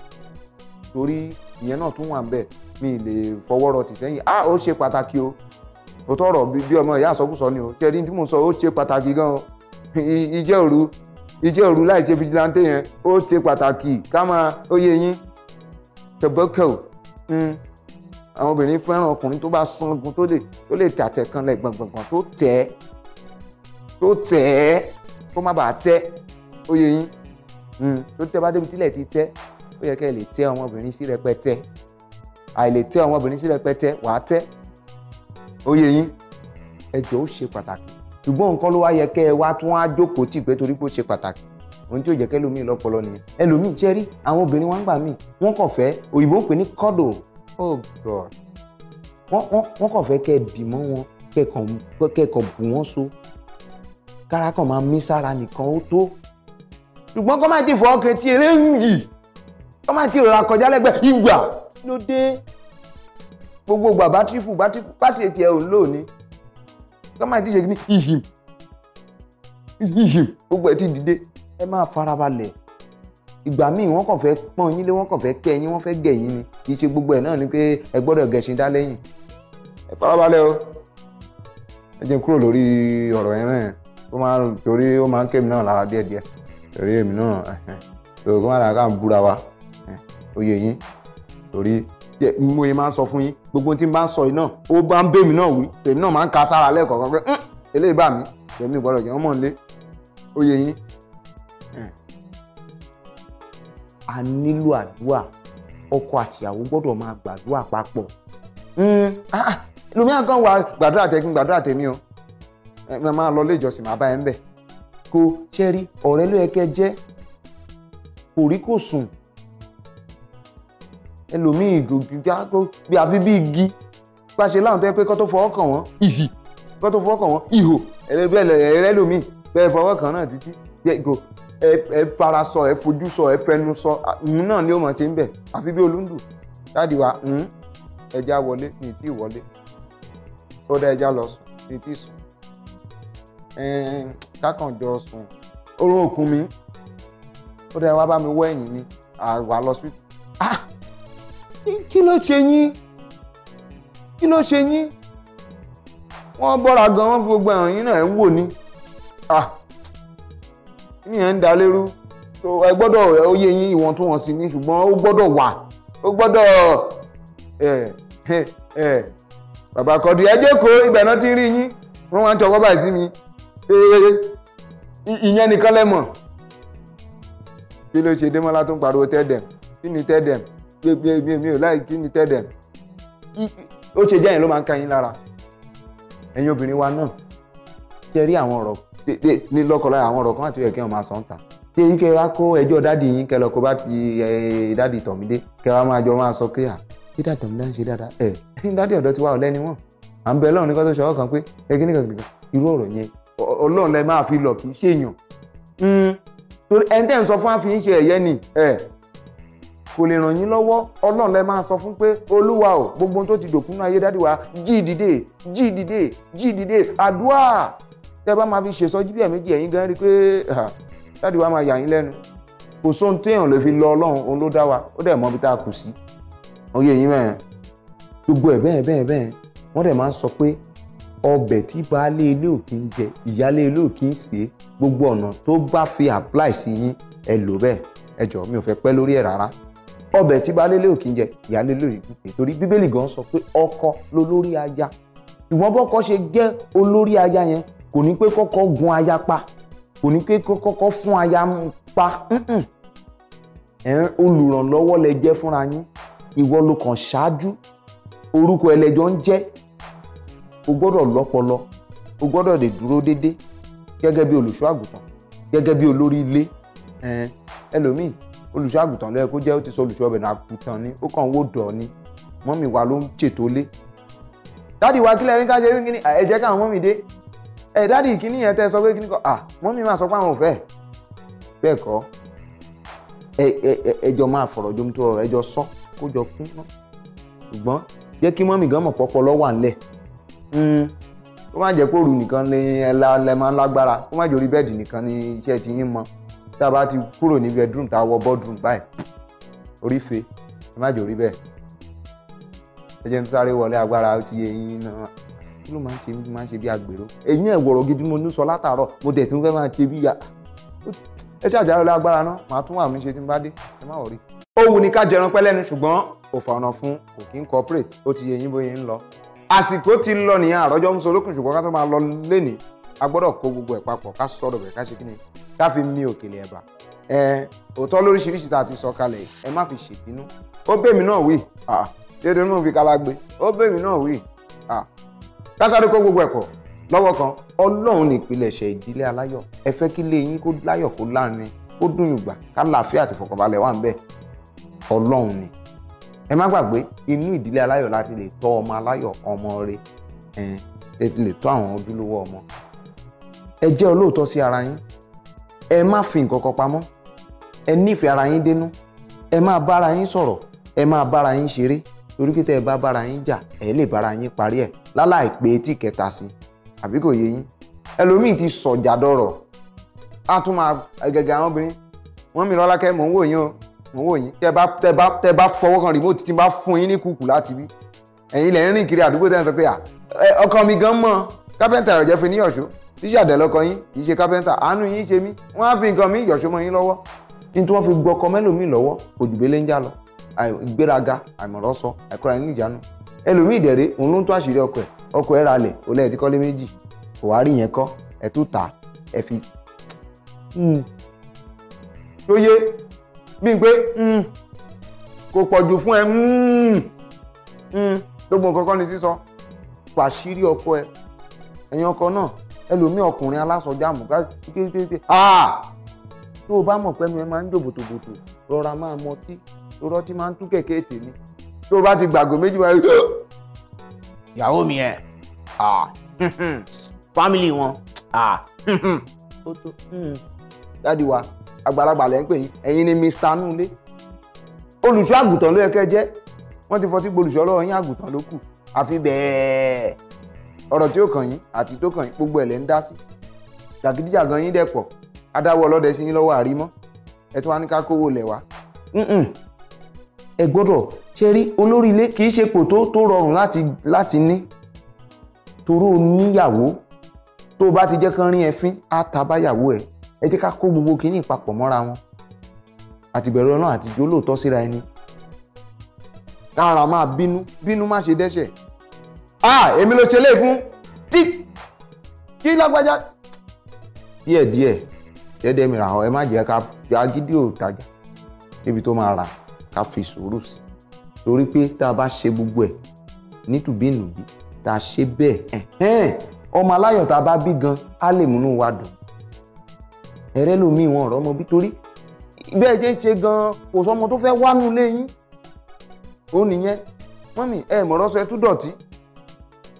torí ìyẹn náà tún wà ń bẹ̀ mi lè fọwọ́ rọ tì sẹ́yìn ah ó ṣe pàtàkì o ó tọrọ bí ọmọ ìyá àsọkùsọ ni o tẹ̀rí tí mò ń sọ ó ṣe pàtàkì gan o iṣẹ́ òru iṣẹ́ òru láì ṣe fijilanté yẹn ó ṣe pàtàkì ká máa ó yé yín tobacco hmm. àwọn obìnrin fẹ́ràn ọkùnrin tó bá sangun tó lè tó lè tàtẹ̀ kan lẹ̀ gbọ̀ngbọ̀ngbọ̀n tó tẹ̀ tó tẹ̀ kó má bàa tẹ̀ ó yẹ yín tó hmm. tẹ́ bá débi tílẹ̀ ti tẹ́ ó yẹ kẹ́ ẹ lè tẹ́ ọmọbìnrin sí rẹpẹtẹ àìlè tẹ́ ọmọbìnrin sí rẹpẹtẹ wàá tẹ́ ó yẹ yín ẹjọ́ ó ṣe pàtàkì ṣùgbọ́n nǹkan ló wá yẹ kẹ́ ẹ wá tún á jókòó tì pé torí pé ó ṣe pàtàkì ohun tí ó jẹ́ kẹ́ lómi lọ́pọlọ nìyẹn ẹlòmíì jẹ́ rí àwọn obìnrin wa ń gbà míì wọ́n kàn fẹ́ òyìnbó ń pè ní cuddle oh god wọ́n kàn fẹ́ kẹ́ ẹ bì mọ́ wọn kẹ́ ẹ kàn bù wọ́n so kára kàn máa mí sára nìkan ó tó ṣùgbọ́n kọ́ máa ti fọ́ ọkàn tí eré ń yì kọ́ máa ti rọra kọjá lẹ́gbẹ̀ẹ́ ìgbà ló dé gbogbo gbà bátìrì fù bátìrì tiẹ̀ ò ń lò ní kọ́ máa ti ṣe ní ìhìm ìhìm gbogbo ẹ̀ ti dìde ẹ máa farabalẹ̀ ìgbà míì wọ́n kàn fẹ́ pọ́n yín lé wọ́n kàn fẹ́ kẹ́ yín wọ́n fẹ́ gẹ̀ yín ni kì í ṣe gbogbo ẹ̀ náà ni pé ẹ gbọ́dọ̀ gẹ̀ṣin dá lẹ́yìn ẹ farabalẹ̀ o ẹ jẹ́ kúrò lórí ọ̀rọ̀ yẹn náà ó máa torí ó máa ń kémi náà lára díẹ̀díẹ̀ torí èmi náà tó kí wọn àdá ká ń búra wa oyè yín torí mo yẹ máa ń sọ fún yín gbogbo tí n bá ń sọ yìí náà ó bá ń bèmí náà wí tèmi náà máa ń ka sára lẹ́ẹ̀kọ̀ọ̀kan pé mm, eléyìí bá mi tèmi gbọ́dọ̀ jẹ́ ọmọ nílé oyè yín a nílò àdúrà ọkọ àtìyàwó gbọ́dọ̀ máa gbàdúrà papọ̀ lómi àgàn wa gbàdúrà tẹ̀mí gbàdúrà tẹ̀mí o máa lọ ilé ìjọsìn máa bá ẹ ń bẹ̀ kò ṣẹ́rí ọ̀rẹ́ ló yẹ kẹ́ jẹ́ kò rí kò sùn ẹlòmíì bí àfi bí igi pàṣẹ láwọn tó yẹ pé kó tó fọwọ́ kàn wọ́n ìhì kó tó fọwọ́ kàn wọ́n ìhò ẹ̀rẹ́ lòmíì bẹ́ẹ̀ fọwọ́ kàn náà títí ẹ fara sọ ẹ fojú sọ ẹ fẹnu sọ òun náà ni ó mọ̀ ṣe ń bẹ̀ àfi bí olúndù dáàdì wa ẹja wọlé ní tí wọlé tó dá ẹja lọ sùn ní tí sùn kákànjọ sùn orun òkun mi ó dẹ wá bá mi wọ ẹ̀yìn ni àwa lọ sí. Ah! kí ló ṣe yín kí ló ṣe yín wọ́n bọ́ra gan wọ́n fi gbogbo àwọn yín náà ah! ń wò ní. ní ẹ̀ ń da lérú ẹ gbọ́dọ̀ oyè yín ìwọ̀ntúnwọ̀nsì ni ṣùgbọ́n ó gbọ́dọ̀ wà ó gbọ́dọ̀ bàbá kọ́dí ẹ jẹ́ kó ibẹ̀ náà ti rí yín wọ́n wá ń tọwọ́ báyìí sí mi Eh, eh, eh. ìyẹn nìkan lẹ mọ̀ kí ló ṣe Démọ́lá tó ń pariwo tẹ́dẹ̀m kí ni tẹ́dẹ̀m gbé mi ò láì kí ni tẹ́dẹ̀m ó ṣe jẹ́yìn ló máa ń ka yín lára ẹ̀yin obìnrin wa náà tẹ́ rí àwọn ọ̀rọ̀ ní lọ́kọ̀ọ́lá àwọn ọ̀rọ̀ kan àti ẹ̀kẹ́ wọn máa sọ̀ ń ta ṣé yín kẹ́ wá kó ẹjọ́ dáàdì yín kẹ́ lọ kó bá ti dáàdì Tọ̀mídé kẹ́ wá máa jọ máa sọ pé à kí dáàdì Tọ̀mídé ń ṣe dáadáa ẹ̀ dáàdì ọ̀dọ́ ti wá ọ̀lẹ́ni wọn à ń bẹ lọ́run ní kó tó ṣọwọ́ kan pé ẹ kí nìkan irú ọ̀rọ̀ yẹn ọlọ́run lẹ máa fi lọ kì í ṣèyàn torí ẹni tẹ́ ń sọ fún àfihàn ṣe ẹ̀yẹ ni ẹ̀ kò lè ràn yín lọ́wọ́ ọlọ́run lẹ máa sọ fún pé olúwa o gbogbo tó ti dòkun náà ayé dádì wa jí dìde jí dìde jí dìde àdúrà tẹ́ bá máa fi ṣèṣọ́jú bí ẹ̀mejì ẹ̀yin gan rí pé dádì wa máa yà yín lẹ́nu kò sóhun téèyàn lè fi lọ ọlọ́run òun ló dá wa ó dẹ̀ mọ́ bí tá a kù sí oyè yín mẹ́rin gbogbo ẹ̀ bẹ́ẹ̀ bẹ́ẹ̀ bẹ́ẹ̀ wọ́n dẹ̀ máa ń sọ pé ọbẹ̀ tí baálé ilé ò kí ń jẹ ìyálé ilé ò ń sè gbogbo ọ̀nà tó bá fi apply sí yín ẹ lò bẹ́ẹ̀ ẹ jọ̀ọ́ mi ò fẹ́ pẹ́ lórí ẹ̀ rárá ọbẹ̀ tí baálé ilé ò kí ń jẹ ìyálé ilé ò kí ń sè é torí bíbélì gan sọ pé ọkọ lolórí aya ìwọ́n bọ́kọ ṣe jẹ́ olórí aya yẹn kò ní pé kọ́kọ́ gun aya pa kò ní pé kọ́kọ́ fún aya pa olùrànlọ́wọ́ lẹ jẹ́ fúnra yín ìwọ ló kàn ṣáájú orúkọ ẹlẹ́jọ́ ń jẹ́ o gbọ́dọ̀ lọ́pọlọ o gbọ́dọ̀ lè dúró dédé gẹ́gẹ́ bí olùṣọ́ àgùntàn gẹ́gẹ́ bí olórí ilé ẹlòmíì olùṣọ́ àgùntàn ló yẹ kó jẹ́ ó ti sọ olùṣọ́ ọbẹ̀ náà àgùntàn ni ó kàn ń wò dọ̀ ni mọ́mì wa ló ń ṣètò lé dádì wa kílẹ̀ ní ká ṣe kíni ẹ jẹ́ káwọn mọ́mì dé ẹ dádì kíní yẹn tẹ́ sọ pé kíní kọ́ à mọ́mì máa sọ pé àwọn ò fẹ́ bẹ́ẹ̀ kọ́ ẹ ẹ ẹjọ́ máa fọ̀rọ̀ jomtoro ẹjọ́ sọ kó jọ kún náà ṣùgbọ́n jẹ́ kí mọ́mì gan mọ̀ pọ́pọ́ lọ́wọ́ à ń Hmm. ó má jẹ́ kóòrù nìkan ni ẹ máa ń lágbára ó má jẹ́ orí bẹ́ẹ̀dì nìkan ni iṣẹ́ ti yín mọ tá a bá ti kúrò ní bedroom tá a wọ boardroom báyìí orí fe ẹ má jẹ́ orí bẹ́ẹ̀ ẹ jẹ́ n sáré wọlé agbára ó ti yé yín náà kí ló máa ń ṣe máa ń ṣe bí agbèrò èyí ẹ̀ wọ̀rọ̀ gidi mo ní sọ látàárọ̀ mo dẹ̀ tí mo fẹ́ máa ṣe bí ya ẹ ṣe àjàrà ọlẹ́ agbára náà màá tún wà mí ṣe tí n bá dé ẹ má wọ̀rí. ó wù ní ká jẹran pẹ́ lẹ́nu ṣùgbọ́n òfà ọ̀nà fún kò kí ń cooperate ó ti yẹ yín bóyá ń lọ àsìkò ti lọ nìyẹn àrọ́jọ́ ń sọ olókùn ṣùgbọ́n ká tó máa lọ lẹ́nìí a gbọ́dọ̀ kó gbogbo ẹ̀ papọ̀ ká sọ̀rọ̀ bẹ̀ ká ṣe kí ni ká fi mì òkèlè ẹ̀bà ẹ òótọ́ lóríṣiríṣi tá a ti sọ kalẹ̀ ẹ má fi ṣèbínú ó bèmí náà wì dédé náà fi kala gbé ó bèmí náà wì ká sáré kó gbogbo ẹ̀kọ́ lọ́wọ́ kan ọlọ́run ní ìpilẹ̀ṣẹ̀ ìdílé aláyọ̀ ẹ fẹ́ kí ilé yín kó láyọ̀ kó láàrin kó dùn yùgbà ká láàfíà àti fọkànbalẹ̀ wà ń bẹ̀ ọlọ́run ni ẹ má gbàgbé inú ìdílé aláyọ̀ láti lè tọ́ ọmọ aláyọ̀ ọmọ rẹ ẹ ti lè tọ́ àwọn ojúlówó ọmọ ẹ jẹ́ olóòótọ́ sí ara yín ẹ má fi nǹkan kan pamọ́ ẹ nífẹ̀ẹ́ ara yín dénú ẹ máa bára yín sọ̀rọ̀ ẹ máa bára yín ṣeré torí pé tẹ́ ẹ bá bára yín jà ẹ lè bára yín parí ẹ̀ láláì pé etí kẹta sí àbí kò yé yín ẹlòmíì ti sọ̀jà dọ̀rọ̀ á tún máa gẹ́gẹ́ àwọn obìnrin wọ́n mi Rọ́lákẹ́ mò ń mo wò yín tẹ bá tẹ bá tẹ bá fọwọ́ kan remote tí n bá fún yín ní kùkù láti bí ẹ̀yin lẹ̀ ń rìn kiri àdúgbò tẹ́ ń sọ pé ọkọ mi gan mọ́ kápẹ́ntà ìrọ̀jẹ́ fi ní yọ̀ṣọ́ tíṣà dẹ̀ lọ́kọ yín kì í ṣe kápẹ́ntà àánú yín ṣe mí wọ́n á fi nǹkan mi yọ̀ṣọ́ mọ́ yín lọ́wọ́ ní tí wọ́n fi gbọ́kọ mẹ́lòmíì lọ́wọ́ kò jù bẹ́lẹ́ ń já lọ ìgbéraga àìmọ̀rọ́sọ àìkúra nínú ìjánu ẹlòmíì dẹ̀rẹ̀ òun ló ń tó àṣírí ọkọ ẹ̀ ọkọ ẹ̀ ra lẹ̀ olẹ́ ti kọ́lé méjì kò wá rí yẹn kọ́ ẹ̀ tó ta Bímpé mm. kò pọ̀jù fún ẹ gbogbo mm. mm. nǹkan kọ́ ni sísọ pàṣírí ọkọ ẹ ẹ̀yin ọkọ náà ẹlòmíì ọkùnrin alásọjáàmù kékeré ah! tó o bá mọ̀ pé mi ẹ máa ń jòbòtòbòtò rọra máa mọ tí rọra tí máa ń tú kẹ̀kẹ́ tèmi tó o bá ti gbàgbọ́ méjì wáyé ìyàwó mi ẹ ah. fámìlì wọn ah. ó tó dáàdi wa àgbàlagbà lẹ́ ń pè yín ẹ̀yin ni Mr Nule olùṣọ́ àgùntàn ló yẹ kẹ́ jẹ́ wọ́n ti fọtí gbolùṣọ́ lọ́wọ́ yín àgùntàn ló kù àfi bẹ́ẹ̀ ọ̀rọ̀ tí ó kàn yín àti tó kàn yín gbogbo ẹ̀ lẹ́ ń dá sí jàgídíjàgan yín dẹ̀ pọ̀ adáwọ̀ ọlọ́dẹ sí yín lọ́wọ́ àrímọ́ ẹ tún wá ní ká kówó lẹ̀ wá ẹ gbọ́dọ̀ ṣe rí olórí ilé kì í ṣe pò tó tó rọrùn láti láti ní toró níyàwó tó bá ti jẹ́ kán rí ẹ fín á ta ẹ̀ ẹ jẹ́ ká kó gbogbo kínní papọ̀ mọ́ra wọn àti bẹ̀rù Ọlọ́run àti jó lóòótọ́ síra ẹni kára máa bínú bínú má ṣe dẹ́ṣẹ̀ ah èmi ló ṣe lé fún tí kí lágbájá díẹ̀díẹ̀ dẹ́dẹ́ mi rà ọ́ ẹ má jẹ́ ká fi agídí òtajà níbi tó máa rà ká fi sùúrù sí torí pé tá a bá ṣe gbogbo ẹ̀ nítùbínùbí tá a ṣe bẹ́ẹ̀ ọmọ aláyọ̀ tá a bá bí gan á lè múnú wa dùn ẹ̀rẹ́ lomi ìwọ̀n ọ̀rọ̀ ọmọ bí torí jẹ́ ń ṣe gan-an kò sọmọ tó fẹ́ wánú lé yín ó nìyẹn ẹ mọ̀rọ̀ sọ ẹ tú dọ̀tí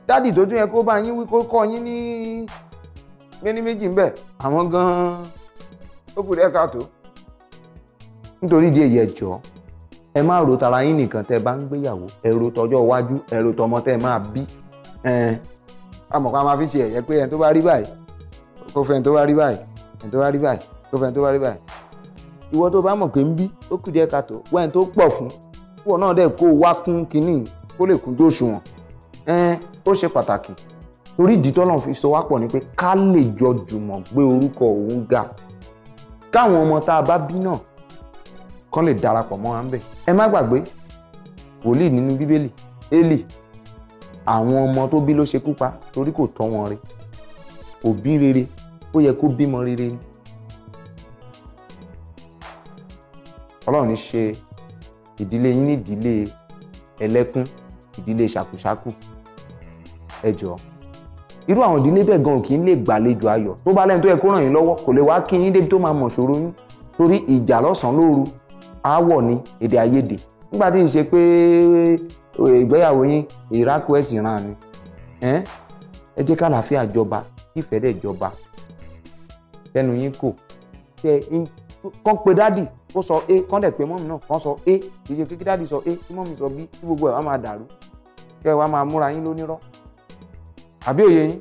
dádì tó tún yẹ kó bá yín wí kó kọ́ yín ní méjì ń gan-an ó kù káàtó nítorí ìdí èyí ẹ ẹ má ro tara yín nìkan tẹ́ bá ń gbéyàwó ẹ ro tọjọ́ iwájú ẹ ro tọmọ fi ṣe ẹ̀yẹ pé ẹni tó bá rí báyìí kó fẹ́ ẹni tó bá ẹni tó bá rí báyìí tó fẹ́ ẹni tó bá rí báyìí ìwọ tó bá mọ̀ pé ń bí ó kù díẹ̀ káàtó wẹ́n tó pọ̀ fún púpọ̀ náà dẹ̀ kó wá kún kínní kó lè kún dóṣùwọ̀n ẹn ó ṣe pàtàkì torí ìdí tọ́lọ́ fi sọ wá pọ̀ ni pé ká lè jọ jùmọ̀ gbé orúkọ òun ga káwọn ọmọ tá a bá bí náà kán lè darapọ̀ mọ́ wa ń bẹ̀ ẹ má gbàgbé wòlíì nínú bíbélì Élì àwọn ọmọ tó bí ló ṣekú pa torí kò tọ́ wọn re òbí rere ó yẹ kó bímọ rere ni ọlọ́run ní ṣe ìdílé yín ní ìdílé ẹlẹ́kún ìdílé ṣàkúṣàkú ẹ jọ̀ọ́ irú àwọn ìdílé bẹ́ẹ̀ gan kì í lè gbàlejò ayọ̀ tó bá lẹ́nu tó yẹ kó ràn yín lọ́wọ́ kò lè wá kí yín débi tó máa mọ̀ ṣòro yín torí ìjà lọ́sàn-án lóru aáwọ̀ ni èdè àìyedè nígbà tí ì ṣe pé eh, ìgbéyàwó yín ìrákò ẹ̀sìn ràn ni ẹ jẹ́ kálàáfíà jọba kí ìfẹ́ dẹ̀ jọba tẹnu yín kò tẹ kán pe dádì kó sọ a kán dẹ̀ pe mọ́mì náà kán sọ a kì í ṣe kí dádì sọ a kí mọ́mì sọ b kí gbogbo ẹ̀ wá máa dàrú kẹ́ ẹ wá máa múra yín lónírọ́ àbí òye yín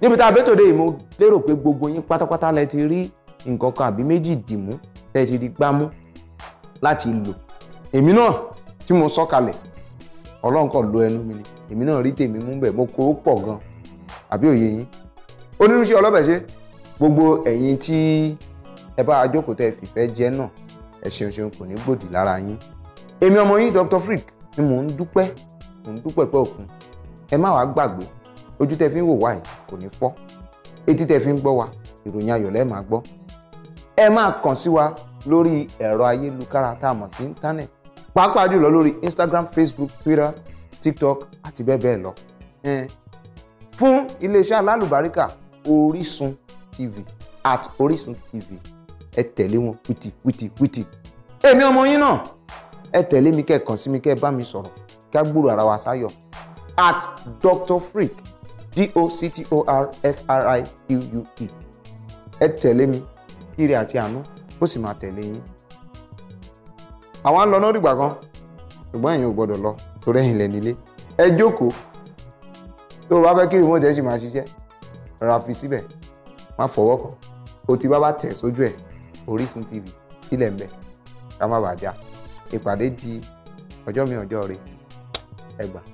níbi tá a bẹ́ tòde yìí mo lérò pé gbogbo yín pátápátá lẹ ti rí nǹkan kan àbí méjì dìmú lẹ ti rí gbámú láti lò èmi náà tí mo sọ kalẹ̀ ọlọ́run kàn lo ẹnu mi ni èmi náà rí tèmi mú bẹ̀ mo kó pọ̀ gan àbí òye yín onírúṣẹ́ ọlọ́bẹ̀ ṣe gbogbo ẹ̀yin tí ẹ bá ajókòó tẹ́ fìfẹ́ jẹ náà ẹ ṣeun ṣeun kò ní gbòdì lára yín èmi ọmọ yín Dr Frique ni mò ń dúpẹ́ mò ń dúpẹ́ pẹ́ òkun ẹ má wàá gbàgbé ojú tẹ́ fi ń wò wá kò ní fọ́ etí tẹ́ fi ń gbọ́ wa ìròyìn ayọ̀ lẹ́ẹ̀ máa gbọ́ ẹ máa kàn sí wa lórí ẹ̀rọ ayélujára tá a mọ̀ sí íńtánẹ̀tì pàápàá jùlọ lórí Instagram Facebook Twitter TikTok àti bẹ́ẹ̀ bẹ́ẹ̀ lọ fún iléeṣẹ́ alálùbáríkà Orísun tv at orísun tv ẹ tẹ̀lé wọn wìtì wìtì wìtì èmi ọmọ yín náà ẹ tẹ̀lé mi kẹ́ kàn sí mi kẹ́ bá mi sọ̀rọ̀ kí a gbúrò ara wa sáyọ̀ at dr freak d o c t o r f r i U u e ẹ tẹ̀lé mi ire àti àánú ó sì máa tẹ̀lé yín àwa ń lọ lórí ìgbà kan ṣùgbọ́n ẹ̀yin ò gbọ́dọ̀ lọ torí ẹ̀yin lẹ̀ nílé ẹ jókòó tó o bá fẹ́ kí rìmọ́tì ẹ sì máa ṣiṣẹ́ rà fi síbẹ̀ má fọwọ́ kàn o ti bá bá tẹ̀ sójú ẹ̀ Orísun TV sílẹ̀ ń bẹ̀ ká má bàa já ìpàdé di ọjọ́ mi ọjọ́ rẹ̀ ẹgbàá.